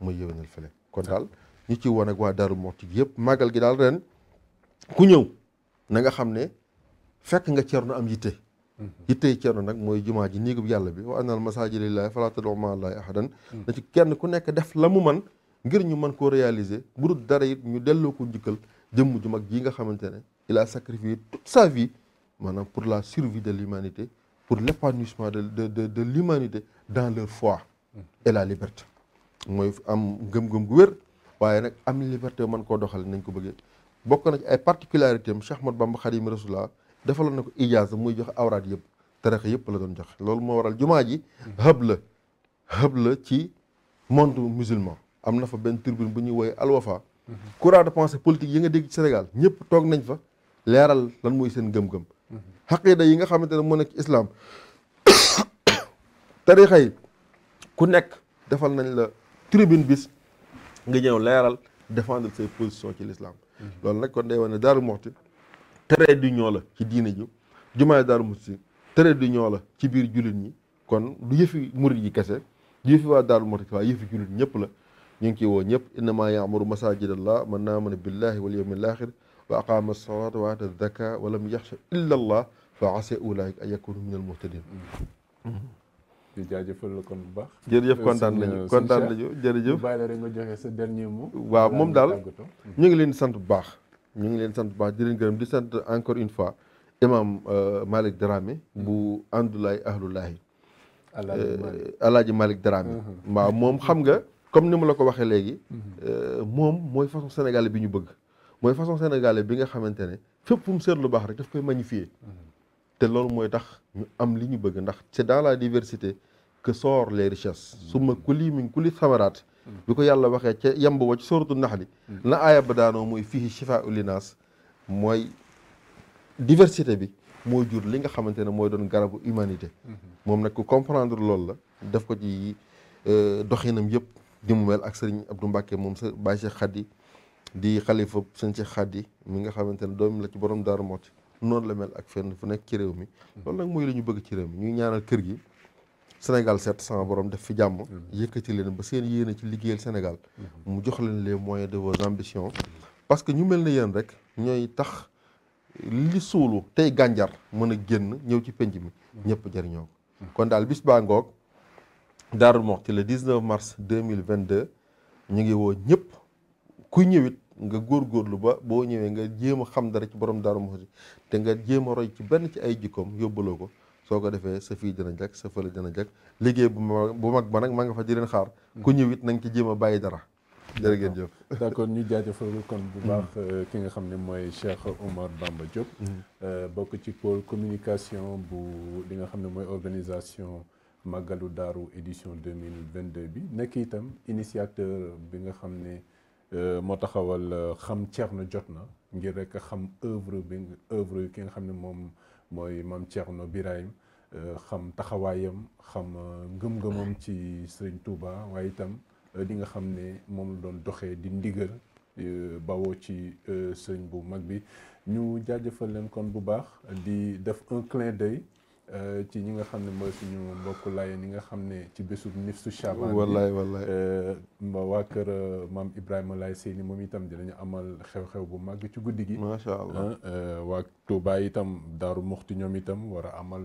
Speaker 2: mooy yewenal fële kon daal ñu ci woon ak waa Darou Mouhty yëpp màggal gi daal ren ku ñëw na nga xam ne fekk nga Cerno am yitte mhm. yitte yi Cerno nag mooy jumaa ji bu yàlla bi wa annal masaajida lillaahi falaa tad'uu ma'a llaahi ahadan mhm. na ci kenn ku nekk def la mu man ngir ñu mën koo réaliser bu dul dara it ñu delloo ko njukkal jëmm ju mag ji nga xamante ne il a sacrifié toute sa vie maanaam pour la survie de l'humanité pour l'épanouissement de de de de l'humanité dans leur fois mhm. et la liberté mooy am gëm-gëm gu wér waaye nag am liberté mën koo doxal nañ ko bëggee bokk nañ ci ay particularité am Cheikh Ahmadou Bamba Xaadimu Rasuul defaloon na ko ijaaza muy joxe awraat yëpp tarixa yëpp la doon joxe loolu moo waral jumaa ji hëb la hëb la ci monde musulman am na fa benn tribune bu ñuy wooye Al Wafa courant de pensée politique yi nga dégg ci Sénégal ñëpp toog nañ fa leeral lan muy seen gëm-gëm xaqiida yi nga xamante ne moo nekk ci islaam tarixa yi ku nekk defal nañ la tribune bis nga ñëw leeral défendre ses positions ci l'islam Mhm. loolu nag kon day wane ne Daaru Muxti trait d'union la ci diine ji jumaay Daaru Muxti trait d'union la ci biir jullit ñi kon du yëfi murit yi kese du yëfi waa Daaru Muxti waaye yëfi jullit ñëpp la ñu ngi ciy woo ñëpp innama yaamuru masajid allah man amana billahi wal yawmil axir wa aqama salata wa ata zaka wa lam yaxsha illa allah fa asa ulaika an yakunu min al muhtadin mhm. di jaajëfal la kon bu baax. jërëjëf kontaan nañu kontaan nañu
Speaker 1: jërëjëf. bàyyi la rek nga sa dernier mot. waaw moom daal
Speaker 2: ñu ngi leen sant bu baax. ñu ngi leen sant bu baax di leen gërëm di sant encore une fois imam euh, Malick Dramé. bu Andulay Ahlulahi. Euh, Alaaji Malick Dramé. Mhm. waaw moom xam nga comme ni ma la ko waxee léegi. Mhm. Euh, moom mooy façon sénégalais bi ñu bëgg. mooy façon sénégalais bi nga xamante ne fépp fu seet lu baax rek daf koy magnifier. Mhm. te loolu mooy tax ñu am li ñu bëgg ndax c'est dans diversité. que sort les richesses summa kuli min kulli samaraat bi ko yàlla waxee ca yamba wo ci sooratu naxli la aaya ba daanoo mooy fii shifaa ulinaas mooy diversité bi moo jur li nga xamante ne mooy doon garabu humanité moom nag ku comprendre loolu la def ko ci euh, doxinam yëpp di mu mel ak sëriñ Abdou Mbacke moom sa Baye Cheikh Khady di xalifa sëñ Cheikh Khady mi nga xamante ne doom la ci borom Daaru Muxti noonu la mel ak fenn fu nekk ci réew mi loolu nag mooy la ñu bëgg ci réew mi ñuy ñaanal kër gi Sénégal seet sama borom def fi jàmm mm-hmm. yëkkati leen ba seen yéene ci liggéeyal senegal mm-hmm. mu jox leen les moyens de vos ambitions parce que ñu mel ne yéen rek ñooy tax li suulu tey gànjar mën a génn ñëw ci penc mi mm-hmm. ñëpp jariñoo ko kon daal bis baa ngoog Daaru Muxti le 19 mars 2022 ñu ngi woo ñëpp kuy ñëwit nga góor góorlu ba boo ñëwee nga jéem a xam dara ci borom Daaru Muxti te nga jéem a roy ci benn ci ay jikkoom yóbbaloo ko soo ko defee sa fii dina jag sa fële dina jag liggéey bu bu mag ba nag maa nga fa di leen xaar ku ñëw it na nga ci jéem a bàyyi dara jërë ngeen jëf
Speaker 1: d'accord kon bu baax euh, ki nga xam ne mooy Cheikh Omar Bamba Diop mm-hmm. euh, bokk ci pôle communication bu li nga xam ne mooy organisation Magalu Daaru édition 2022 bi nekk itam initiateur bi nga xam ne Euh, moo taxawal euh, xam Thierno jot na ngir rek xam œuvre bi œuvre yi ki nga xam ne moom mooy maam Thierno Birahim euh, xam taxawaayam xam ngëm-ngëmam ci Serigne Touba waaye itam li nga xam ne moom la doon doxee di ndigal bawoo ci sëriñ bu mag bi ñu jaajëfal leen kon bu baax di def un clin Euh, ci ñi nga xam ne mooy suñu mbokku laay ñi nga xam ne ci bésub nifsu Chaban. wallaay wallaay euh, mba waa kër euh, maam Ibrahima lay Seyni moom itam dinañu amal xew-xew bu màgg ci guddi gi. macha allah ah, waa Touba itam Daaru Muxti ñoom itam war a amal.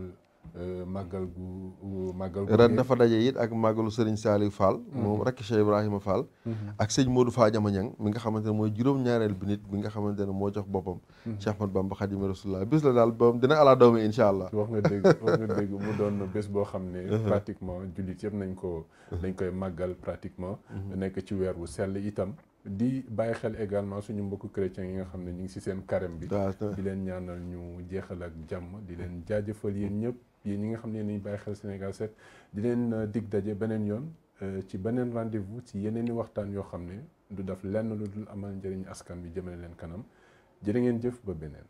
Speaker 1: Euh, màggal gu euh, màggal gu ren dafa
Speaker 2: daje it ak màggalu sëriñ Saliou Fall moom mhm. rek Cheikh Ibrahima Fall mhm. ak sëñ Modou Faa Jamañang mi nga xamante ne mooy juróom-ñaareel bi nit bi nga xamante ne moo jox boppam mhm. Cheikh Ahmad Bamba Xaadimu Rasulullah bis la daal bam dina ala doomi insha allah wax nga dégg wax nga dégg mu doon
Speaker 1: bés boo xam ne pratiquement jullit yëpp nañ ko dañ koy màggal pratiquement nekk ci weer wu sell itam di bàyyi xel également suñu mbokku chrétiens yi nga xam ne ñu ngi si seen carême bi di leen ñaanal ñu jeexal ak jàmm di leen jaajëfal yéen ñëpp yéen ñi nga xam ne nañ bàyyi xel Sénégal set di leen euh, dig daje beneen yoon euh, ci beneen rendez ci yeneeni waxtaan yoo xam ne du daf lenn lu dul amal njëriñ askan bi jëmale leen kanam jërë ngeen jëf ba beneen